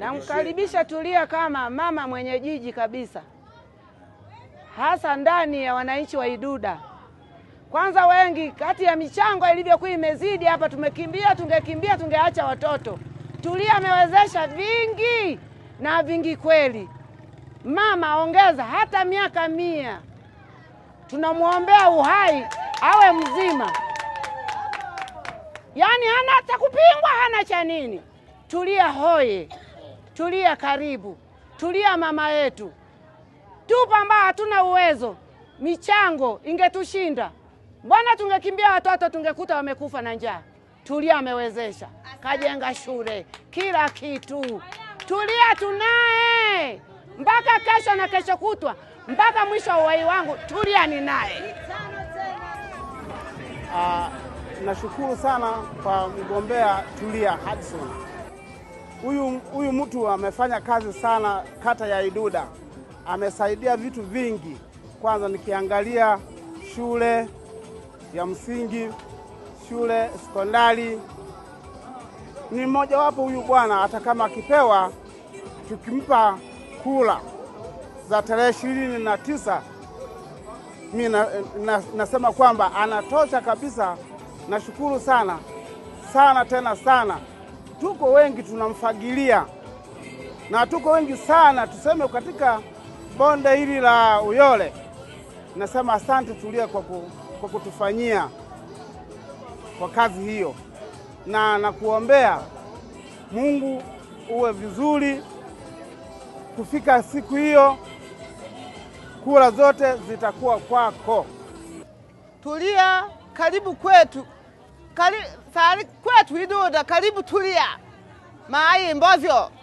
Namkaribisha Tulia kama mama mwenye jiji kabisa, hasa ndani ya wananchi wa Iduda. Kwanza wengi kati ya michango ilivyokuwa imezidi hapa, tumekimbia, tungekimbia, tungeacha watoto. Tulia amewezesha vingi na vingi kweli. Mama ongeza hata miaka mia, tunamwombea uhai, awe mzima. Yaani hana hata kupingwa, hana cha nini. Tulia hoye! tulia karibu, tulia mama yetu, tupo ambao hatuna uwezo, michango ingetushinda. Mbona tungekimbia watoto, tungekuta wamekufa na njaa. Tulia amewezesha, kajenga shule, kila kitu. Tulia tunaye mpaka kesho na kesho kutwa, mpaka mwisho wa uhai wangu. Tulia ninaye. Uh, nashukuru sana kwa mgombea Tulia Hudson. Huyu huyu mtu amefanya kazi sana kata ya Iduda, amesaidia vitu vingi. Kwanza nikiangalia shule ya msingi, shule sekondari, ni wapo huyu bwana. Hata kama akipewa, tukimpa kula za tarehe ishirini na tisa mi na, na, nasema kwamba anatosha kabisa. Nashukuru sana sana tena sana tuko wengi tunamfagilia na tuko wengi sana, tuseme katika bonde hili la Uyole. Nasema asante Tulia kwa, ku, kwa kutufanyia kwa kazi hiyo, na nakuombea Mungu uwe vizuri kufika siku hiyo, kura zote zitakuwa kwako. Tulia, karibu kwetu kwetu Iduda, karibu Tulia maai Mbovyo.